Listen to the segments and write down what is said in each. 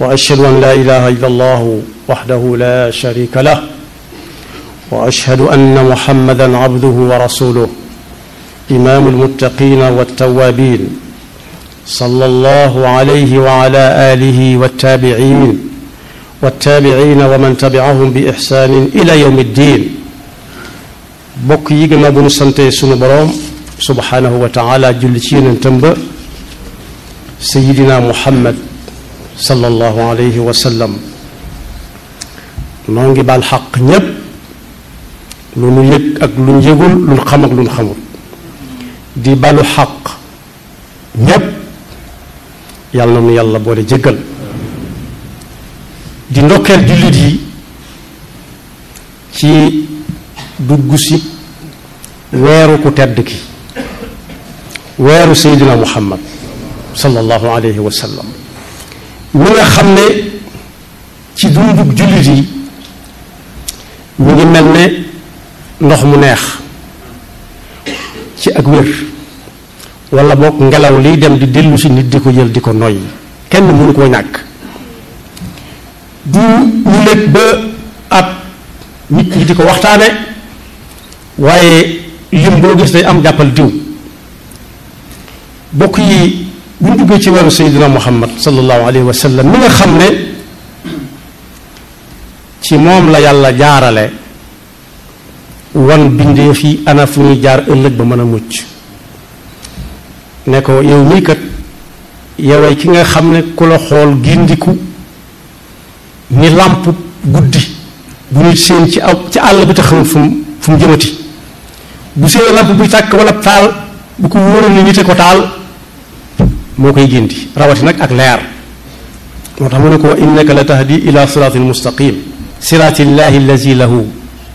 واشهد ان لا اله الا الله وحده لا شريك له واشهد ان محمدا عبده ورسوله امام المتقين والتوابين صلى الله عليه وعلى اله والتابعين والتابعين ومن تبعهم باحسان الى يوم الدين bokk yi gannaaw bu nu sante sunu boroom subhanahu wa taala julli ci yonentam ba sayidina muhammad sallallahu alayhi wa sallam noo ngi baal xaq ñépp lu nu yëg ak lu nu yëgul lu nu xam ak lu nu xamul di balu xaq ñépp yàlla na yàlla boole jëggal di ndokkeel jullit yi ci dugg si weeru ku tedd ki weeru seydina muhammad sallallahu alayhi wa mi nga xam ne ci dundug jullit yi mu ngi mel ne ndox mu neex ci ak wér wala boog ngelaw liy dem di dellu si nit di ko jël di ko noyyi kenn mënu koo ñàkk du ñu léeg ba ab nit ñi di ko waxtaane waaye lim boo gis day am jàppal diw bokk yi bu ñu duggee ci weeru Seydina Muhammad sallallahu alayhi wa sallam mi nga xam ne ci moom la yàlla jaarale wan bindeef yi ana fu ñuy jaar ëllëg ba mën a mucc ne ko yow mii kat yowee ki nga xam ne ku la xool gindiku ni làmp guddi bu ñu seen ci ci àll bi taxawul fu mu fu bu seen làmp buy tàkk wala taal bu ko wóoroon ni nite ko taal moo koy gindi rawati nag ak leer moo tax mu ne ko innaka la tahdi ila siraatin mustaqim siraati llahi allazi lahu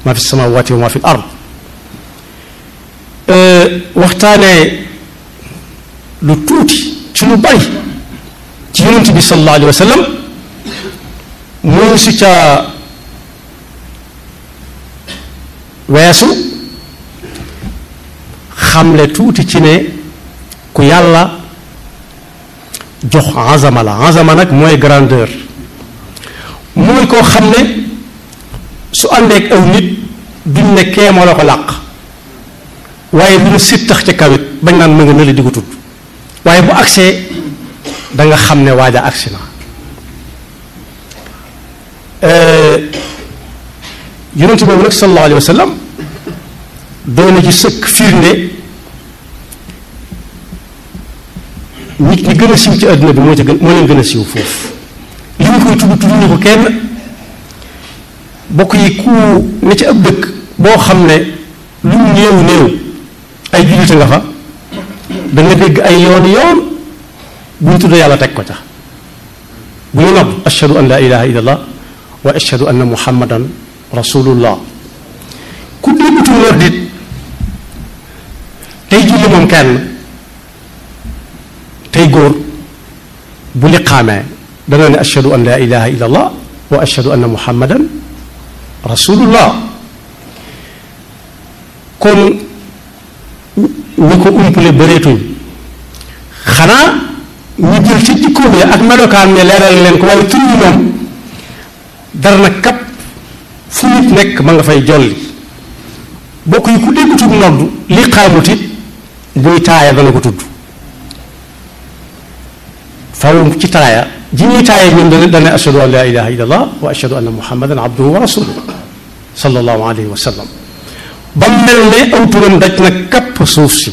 ma fi samawati wa ma fi l ard lu tuuti ci lu bari ci yonent bi sallallahu si ca weesu xamle tuuti ci ne ku yàlla jox azama la azama nag mooy grandeur mooy koo xam ne su àndeek aw nit duñ ne moo la ko làq waaye bu ñu sit tax ca kawit bañ naan ma nga nële di tudd waaye bu agsee danga xam ne waaja agsi na yonent boobu nag sallallahu alayhi wa sallam doy na ci sëkk firnde nit ñi gën a siiw ci àdduna bi moo ci gën moo gën a siw foofu li ñu koy tudd tudd ko kenn bokk yi ku ne ci ab dëkk boo xam ne lu mu néew ay jullit nga fa da dégg ay yoon yoon bu ñu tudd yàlla teg ko ca bu ñu nopp ashhadu an laa ilaha illallah wa ashhadu anna muhammadan rasulullah ku déggutu war dit tey julli moom kenn tey góor bu liqaamee dana ne ashhadu an laa ilaha illa allah wa ashhadu anna muhammadan rasulullah kon ñi ko umpale bëreetuñ xanaa ñu jël ci jikkoom ya ak melokaan ne leeral leen ko waaye tur yi moom dara nag kat fu nit nekk ma nga fay jolli bokk yi ku déggutul noddu li xaamut it buy taaya dana ko tudd faw ci taaya ji muy taaya ñun dana dana ashadu an laa ilaha illa allah wa ashadu anna muhammadan abduhu wa rasuluhu sallallahu wa sallam ba mel ne aw turam daj si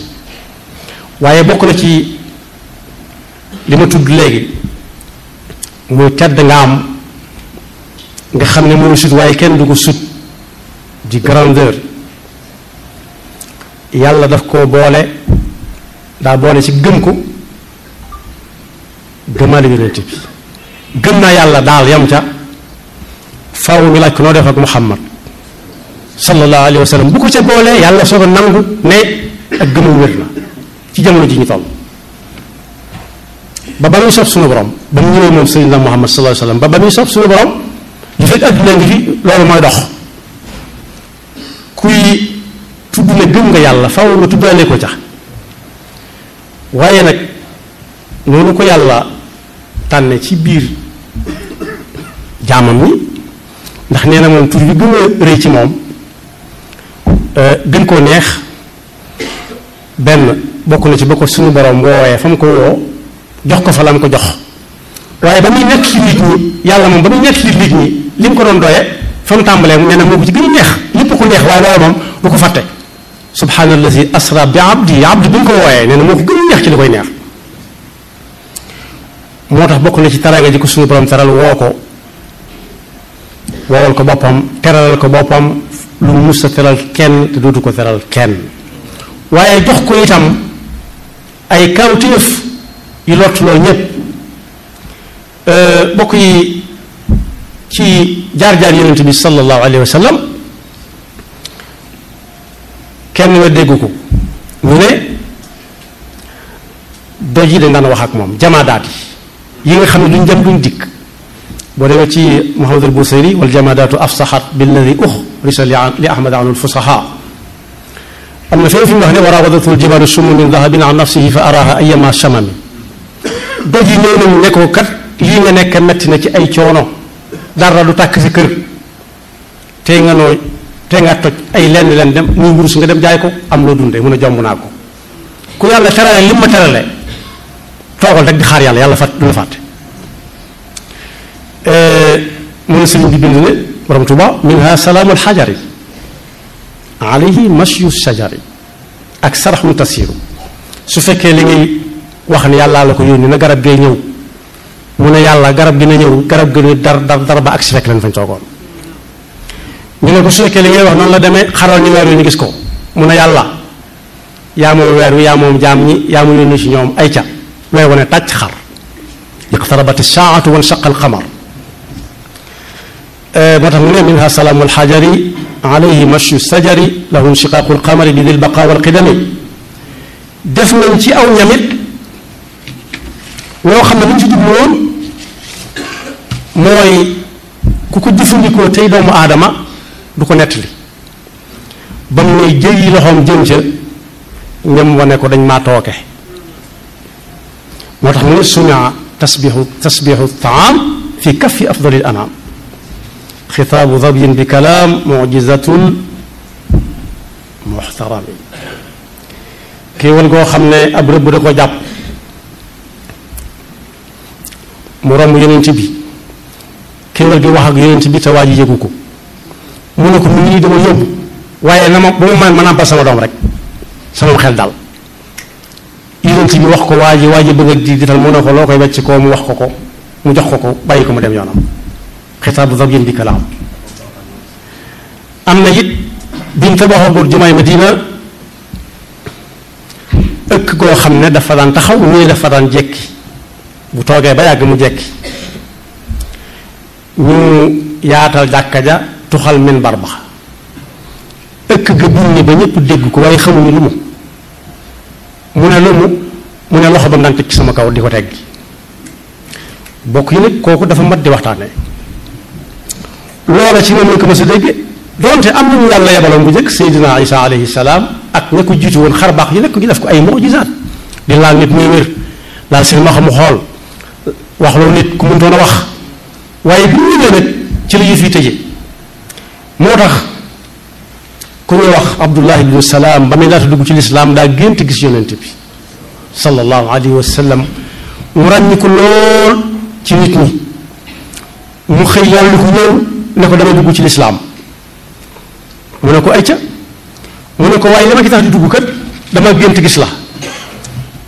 bokk na ci li ma tudd léegi muy tedd nga am nga xam ne mooy sut waaye kenn du ko sut di grandeur yàlla daf koo boole daa boole ci gëm ko gëmaale yonent bi gëm naa yàlla daal yam ca faaw ñu laaj ko noo def ak Muhammad sallallahu alayhi wa sallam bu ko ca boolee yàlla soog a nangu ne ak gëmam wér na ci jamono ji ñu toll ba ba muy sopp suñu borom ba mu ñëwee moom sayyidina Muhammad sallallahu alayhi ba ba muy sopp suñu borom li fekk adduna ngi fi loolu mooy dox kuy tudd ne gëm nga yàlla faaw nga tuddaale ko ca waaye nag noonu ko yàlla tànne ci biir jaamam yi ndax nee na moom tur bi gën a rëy ci moom euh, gën koo neex benn bokk na ci ba ko suñu borom woowee fa mu ko woo jox ko fa la mu ko jox waaye ba muy nekk ci nit ñi yàlla moom ci nit ñi li mu ko doon doye fa mu tàmbalee nee na moo ko ci gën a neex lépp ko neex waaye loolu moom du ko fàtte subhaanallazi asra bi abdi abdi bi mu ko wooyee nee na moo ko gën neex ci li koy neex moo tax bokk na ci taraanga ji ko suñu borom teral woo ko woowal ko boppam teralal ko boppam lu mu mus a teral kenn te dootu ko teral kenn waaye jox ko itam ay kawtéef yu lott lool ñépp euh, bokk yi ci jaar-jaar yonent bi sallallahu alayhi wa kenn nga dégg ko ñu ne doj yi dañ daan wax ak moom jamaadaat yi yi nga xam ne duñ dem duñ dikk boo demee ci Muhammad al Busiri wal jamadaatu afsaxat billadi uxrisa li ahmad anul fusaha am na fenn fi mu wax ne warawadatu ljibaalu summa min dahabin an nafsihi fa araha ayama chamami doj yi ñëw nañu ne ko kat lii nga nekk metti na ci ay coono dara du tàkk sa kër tey nga nooy tey nga toj ay lenn leen dem muy wurus nga dem jaay ko am loo dundee mun a jomb naa ko ku yàlla terale li ma terale toogal rek di xaar yàlla yàlla fàtt du la fàtte euh, mu ne sëriñ bi bind ne borom Tuuba minha salaamul xajari alayhi masyu ak sarax mu tasiiru su fekkee li ngay wax ne yàllaa la ko yónni na garab gee ñëw mu ne yàlla garab gi ne ñëw garab gi ne dar dar dar ba ak si fekk leen fañ toogoon ñu ne ko su fekkee li ngay wax noonu la demee xaral ñu weer wi ñu gis ko mu ne yàlla yaa moom weer wi yaa moom jaam ñi yaa moom yónni si ñoom ay ca lay wane tàcc xar iqtarabati saatu wan shaqa alxamar moo tax mu ne minha salaamu alxajari alayhi mashu sajari lahu inshiqaaqu alqamari bi dil baqa walqidami def nañ ci aw ñamit loo xam ne liñ ci ku ko jëfandikoo tey doomu du ko nettali ba mu ne jëyi loxoom jëm ca ñam wane ko dañ maa tooke moo tax mu ne sumia tasbixu tasbixu taam fi kafi afdali l anaam xitaabu dabyin bi kalaam mujizatun muxtaramin kéewal goo xam ne ab rëbb da ko jàpp mu romb yonent bi kéewal gi wax ak yonent bi te waa ji yëgu ko mu ne ko mu nii dama yóbbu waaye na ma bu ma mën mën a am sama doom rek sama xel dal yonent bi wax ko waa ji waa ji bëgg a jiital mu ne ko loo koy wecc koo mu wax ko ko mu jox ko ko bàyyi ko mu dem yoonam xitaabu zawjin bi kalaam am na it biñ tabaxagul ma Madina ëkk goo xam ne dafa daan taxaw ñuy dafa daan jekki bu toogee ba yàgg mu jekki ñu yaatal jàkka ja tuxal minbar ba ëkk ga biir ni ba ñëpp dégg ko waaye xamuñu lu mu mu ne lu mu mu ne loxo ba mu daan tëj ci sama kaw di ko tegg bokk yi nag kooku dafa mat di waxtaane loola ci moom lañ ko mos a dégg donte am nañu yàlla yabaloon bu njëkk Seydina Isa alayhi salaam ak ña ko jiitu woon xar baax yi nag ñu def ko ay mujizaat di laal nit muy wér laal seen maxamu xool wax loolu nit ku mëntoon a wax waaye bi ñu nag ci la yëf moo tax ku ñuy wax Abdullah ibnu Salaam ba muy laata dugg ci lislaam daa gént gis yonent bi sallallahu alayhi wa sallam mu ràññiku lool ci nit ñi mu xëy yàlla ko lool ne ko dama dugg ci lislaam mu ne ko ayca mu ne ko waaye li ma ci tax di dugg kat dama gént gis la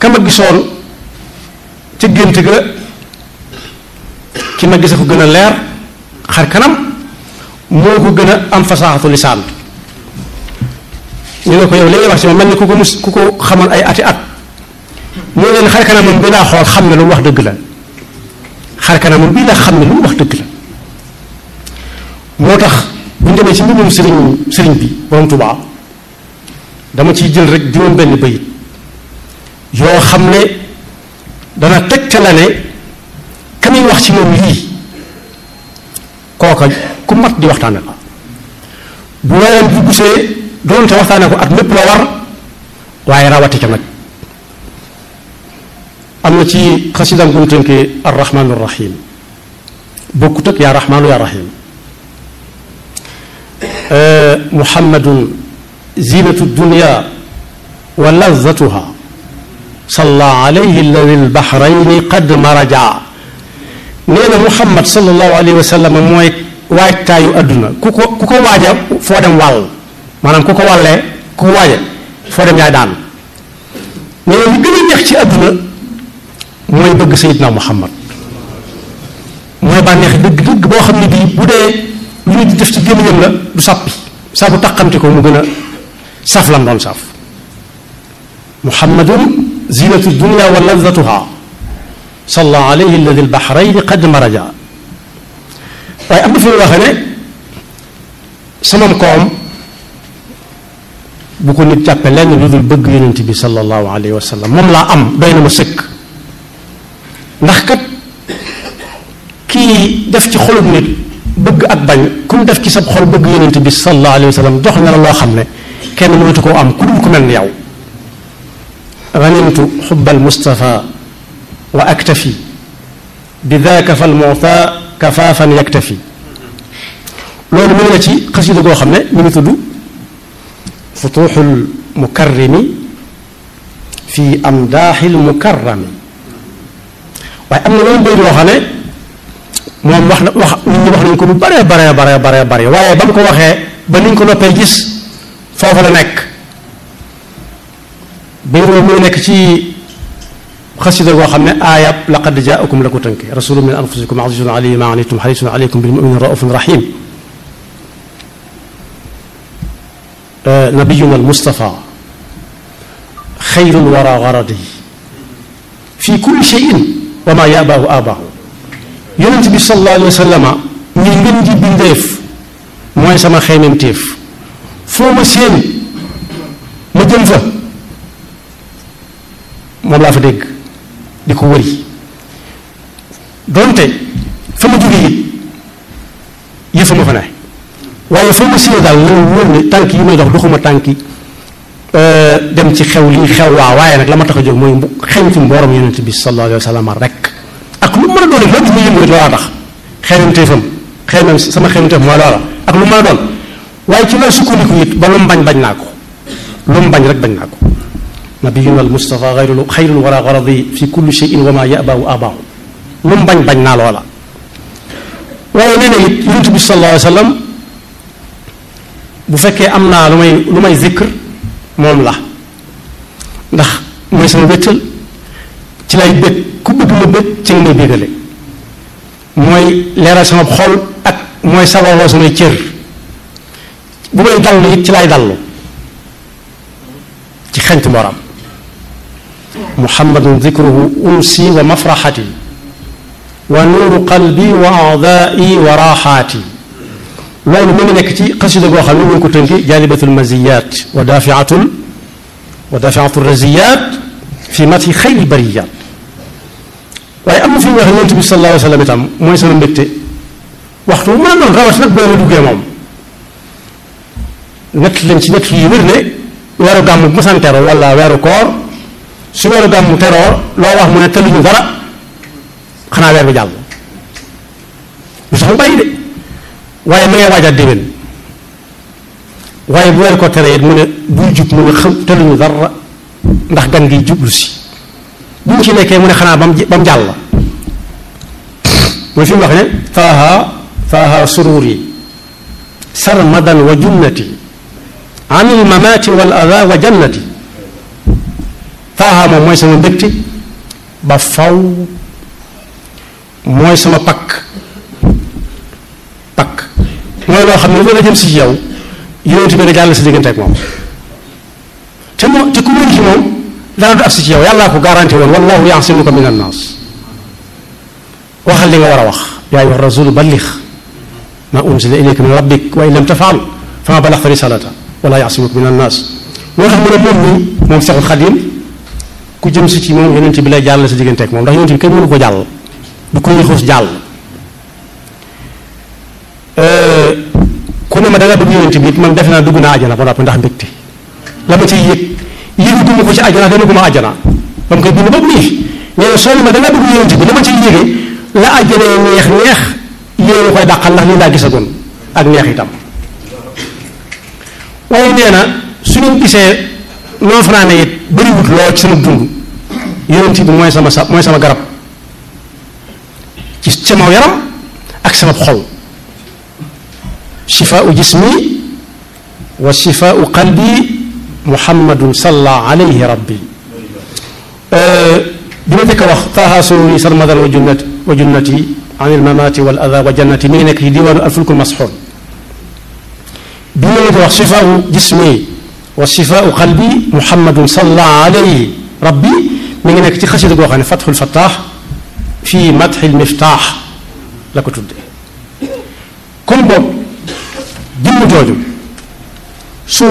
kama gisoon ca gént ga ki ma gis ko gën a leer xar kanam moo ko gën a am fasaaxatu lisaan ñu ne ko yow li wax ci ma mel ku ko mus ku ko xamoon ay ati at moo leen xar kanamam bi laa xool xam ne lu mu wax dëgg la xar kanamam bii laa xam ne lu mu wax dëgg la moo tax bu ñu ci mbindum sëriñ sëriñ bi borom Tuubaa dama ciy jël rek juróom benn bayit yoo xam ne dana teg ca la ne ka wax ci moom lii kooka ku mat di waxtaane la bu weeram bu gusee doonte waxtaane ko ak lépp la war waaye rawati ca nag am na ci xasidaam bu ñu tënkee arrahmaanu rahim bokkut ak yaa rahmaanu yaa rahim muhammadun zinatu dunia wa lazatuha salla alayhi lawi lbahrayni qad maraja nee na muhammad salallahu alayhi wa sallam mooy waajtaayu adduna ku ko ku ko waaja foo dem wàll maanaam ku ko wàllee ku ko waaja foo dem yaay daan nee na lu gën a neex ci adduna mooy bëgg Seydina Muhammad mooy bànneex dëgg-dëgg boo xam ne bii bu dee lu ñu def ci gémmiñam la du sàppi saa bu taqamte ko mu gën a saf lam doon saf muhammadun zinatu dunia wa lazatuha salla alayhi alladi albahrayni qad maraja waaye am na fu mu waxee ne samam koom bu ko nit jàppe lenn lu dul bëgg yonent bi sallallahu alayhi wa sallam moom laa am doy na ma sëkk ndax kat kii def ci xolum nit bëgg ak bañ ku mu def ci sab xol bëgg yonent bi sallallahu alayhi wa sallam jox na la loo xam ne kenn mënatu koo am ku dul ku mel ni yow ganimtu xubbal mustafa wa aktafi bi daaka fal muta kafaafan yaktafi loolu mu ngi la ci xasida goo xam ne mu ngi tudd futuxul mukarrimi fi amdaaxil mukarrami waaye am na loolu mbir yoo xam ne moom wax na wax nit ñi wax nañ ko lu bare bare bare bare bare waaye ba mu ko waxee ba niñ ko noppee gis foofu la nekk biir moom muy nekk ci xasida goo xam ne aayab laqad jaakum la ko tënke rasulun min anfusikum azizun alayhi ma anittum harisun alaykum bil mu'minin raufun rahim nabiyuna almustafa xayrul wara garadi fi kulli cheyin wa maa yabaahu abaahu yonent bi sallallahu alayhi wa sallama ñi ngeen ji bindeef mooy sama xeymemtéef foo ma séen ma jëm fa moom laa fa dégg di ko wëri donte fa ma jóge it yëfa ma fa ne waaye foo ma séen daal loolu wóor ne tànk yi may dox doxuma tànki Euh, dem ci xew lii xew waaw waaye nag la ma tax a jóg mooy xeñtu mbooram yonent bi sallallahu alayhi wa sallam rek ak lu a doon rek lépp lu yëngu rek sama xeynam téef ak lu ma a doon waaye ci la sukkandiku it ba lu mu bañ bañ naa ko lu mu bañ rek bañ naa ko nabiyuna al mustafa xayrul xayrul garadi fi kulli cheyin wa ma yabaahu abaahu lu mu bañ bañ naa loola waaye nee na it yonent bi sallallahu alayhi wa sallam bu fekkee am naa lu may lu may zikr moom la ndax mooy sama wéttal ci lay bëgg ku ma bëgg ci nga may bëggale mooy leeral sama xol ak mooy sabaloo samay cër bu may dallu ci lay dallu ci xent moram muhammadun dikruhu unsi wa mafraxati wa nuuru qalbi wa aadaai wa raaxaati loolu mu i nekk ci xasida goo xam ne ñu ngi ko tënki jaalibatul maziyaat wa daafiatul wa daafiatul raziyaat fi mat yi xayri bariyaat waaye am na fi ñu wax yonent bi sallallahu alayhi wa sallam itam mooy sama mbégte waxtu bu mën a moom nett lañ ci nett yu wér ne weeru gàmmu bu masaan teroo wala weeru koor su weeru gàmmu teroo loo wax mu ne teluñu dara xanaa weer bi jàll lu sax mu bàyyi de waaye ma ngay waajaat déwén waaye bu weer ko teree mu ne buy jub mu ne xam teluñu dara ndax gan gi jublu si buñ ci nekkee mu ne xanaa ba mu ba mu jàll mooy fi ne taaha taaha sururi sarmadan wa junnati an il mamaati wal ada wa jannati taaha moom mooy sama mbégte ba faw mooy sama pakk mooy loo xam ne lu la jëm si ci yow yonent bi nga jàll sa diggante ak moom te moom te ku mën moom dara du agsi ci yow yàllaa ko garanti woon wallahu yaasimuka min annaas waxal li nga war a wax yaa ayyuha rasulu ballix ma unzila ilayka min rabbik wa in lam tafaal fama balaxta risalata wala yaasimuka min annaas moo tax mu ne moom nii moom ku jëm si ci moom yonent bi lay jàll si diggante ak moom ndax yonent bi kenn mënu ko jàll du ko yëxus jàll euh, ma da nga bëgg yonent bi man defe naa dugg naa ajana ba noppi ndax mbégte la ma ci yëg yëgu guma ko ci ajana dana guma ajana ba mu koy bind ba mu nii nee na soo ma da nga bëgg yonent bi la ma ciy yëgee la ajana neex neex yéen koy dàqal ndax lii laa gisagoon ak neex itam waaye nee na su ñu gisee noo fanaane it bëriwut lool ci sama dund yonent bi mooy sama sa mooy sama garab ci sama yaram ak sama xol shifaau jismi wa shifaau qalbi muhammadun salla alayhi rabbi eh, bi ma njëkk a wax taaha sururi sarmadan wa junnati wa junnati an il mamaati wal ada wa jannati mi ngi nekk ci diwaanu alfulkul masxuur bi ma njëkk a wax shifaau jismi wa shifaau qalbi muhammadun salla alayhi rabbi mi ngi nekk ci xasida goo xam ne fatxul fattaax fii matxil miftaax la ko tuddee kon boobu jëmm jooju su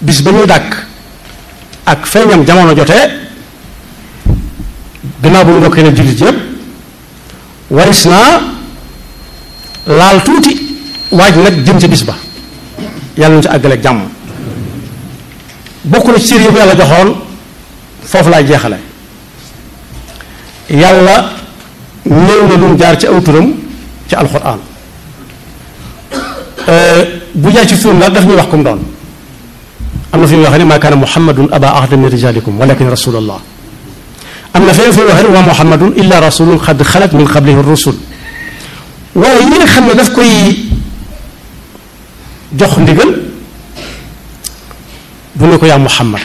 bis ba ñuy dàkk ak feeñam jamono jotee gannaaw bu ndokkee ne jullit yépp waris naa laal tuuti waaj nag jëm ca bis ba yàlla ñu ci àggale jàmm bokk na ci cër yàlla joxoon foofu laay jeexale yàlla néew na lu mu jaar ci aw ci alxuraan bu jaay ci suur nag daf ñuy wax kum doon am na fi ñuy waxee ne maa kaana muhammadun aba ahada min rijalikum walakin rasulallah am na feneen fi ñuy waxee ne waa muhammadun illa rasulun xad xalat min qablihi rusul waaye ñi nga xam ne daf koy jox ndigal bu ne ko yaa muhammad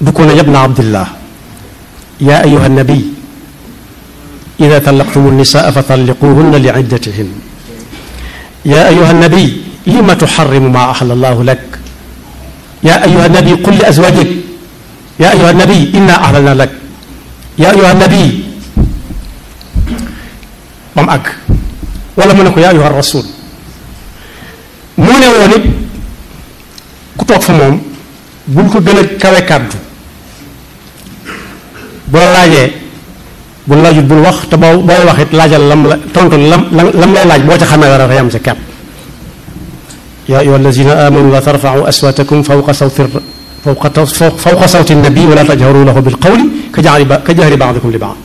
du ko ne yabna abdillah yaa ayuha nabi ida talaqtumu nisaa fa talliquhunna li iddatihin yaa ayuha nabi lima tuxarrimu maa axala allahu lak yaa ayuha nabi qul li azwajik yaa ayuha nabi inna ahlalna lak yaa ayuha nabi ba mu àgg wala mu ne ko yaa ayuha rasul mu ne woon it ku toog fa moom bul ko gën a kawe kàddu bu la laajee bu laajut bul wax te boo booy wax it laajal lam la tontu lam lam lay laaj boo ca xamee dara yam sa kepp yaa ayyuha allazina amanu la tarfacu aswatakum fawqa sawti fawqa sawti nabi wala tajharu lahu bil qawli ka jahri ba'dikum li ba'd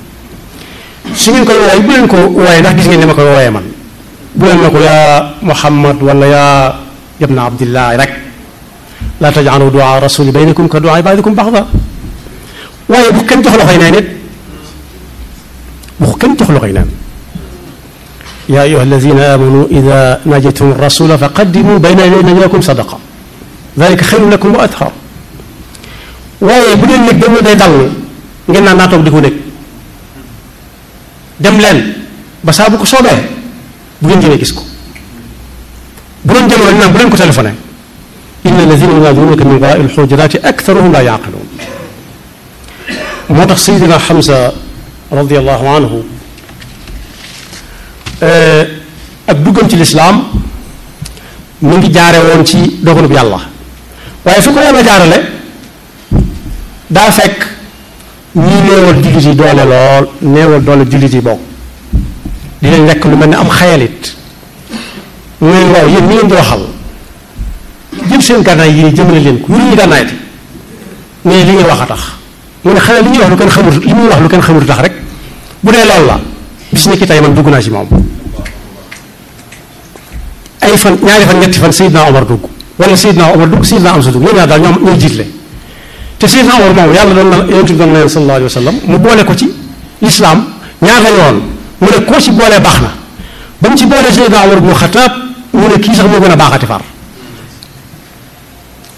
su ngeen koy wooye bu leen ko wooye ndax gis ngeen ni ma koy wooye man bu leen ma ko yaa Muhammad wala yaa ibna Abdillah rek laa tajcalu duaa rasuli baynakum ka duaa baadikum baxda waaye bu kenn jox loxoy naan it bu kenn jox loxoy naan yaa ayyuha alladina amanu ida najaytum rasula faqaddimu bayna yaday najwaakum sadaqa dalika xayrun lakum wa athar waaye bu dee nekk dañu day dal ngeen naan naa toog di ko nekk dem leen ba saa bu ko soobee bu ngeen jëmee gis ko bu doon jëmee naan bu leen ko téléphoné inna alladina yunaaduunaka min waraai alxujuraati aktaruhum laa yaaqiluun moo tax sayidina Xamsa radiyallahu anhu Euh, ak duggam ci lislaam mu ngi jaare woon ci dogalub yàlla waaye su ko yàlla jaarale daa fekk ñii néewal jullit yi doole lool néewal doole jullit yi bokk di leen rekk lu mel ne am xayalit muy waaw yéen ñi leen di waxal jëm seen gànnaay yi jëmale leen ko wéruñu gànnaay di mais li ngeen wax a tax mu ne xanaa li ñuy wax lu kenn xamul mu ñuy wax lu kenn xamul tax rek bu dee loolu la bis ni ki tey man dugg naa ci moom ay fan ñaari fan ñetti fan Seydina Omar dugg wala Seydina Omar dugg Seydina Amsa dugg ñoom ñaar daal ñoom ñoo jiitle te Seydina Omar moom yàlla doon na yonent bi doon na leen sallallahu alayhi wa sallam mu boole ko ci lislaam ñaar la yoon mu ne koo ci boolee baax na ba mu ci boolee Seydina Omar bu Xataab mu ne kii sax moo gën a baaxati far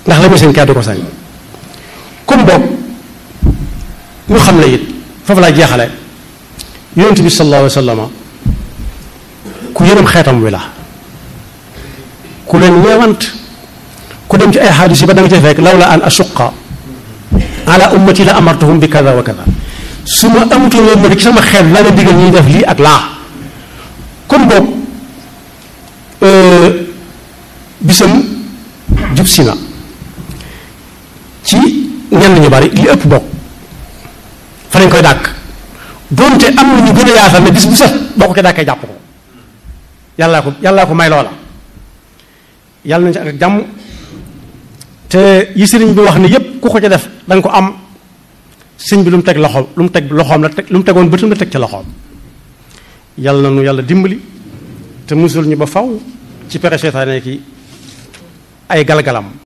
ndax la muy seen kàddu ko sañ comme boobu ñu xam la it foofu laa jeexale yonent bi sallallahu alayhi wa ku yërëm xeetam wi la ku leen ñeewant ku dem ci ay xaadis yi ba da fekk law la an asuqa ala ummati la amartuhum bi kada wa su ma am loolu nag ci sama xel laa leen digal ñuy def lii ak laa kon euh, bisam jub si na ci ñenn ñu bari li ëpp benn yaasal ne bis bu set boo ko ci dàkkee jàpp ko yàllaa ko yàllaa ko may loola yàlla nañu ci ak jàmm te yi sëriñ bi wax ne yépp ku ko ci def da ko am sëñ bi lu mu teg loxoom lu mu teg loxoom la teg lu mu tegoon bëtam la teg ci loxoom yàlla na nu yàlla dimbali te musul ñu ba faw ci pere seytaane ki ay galgalam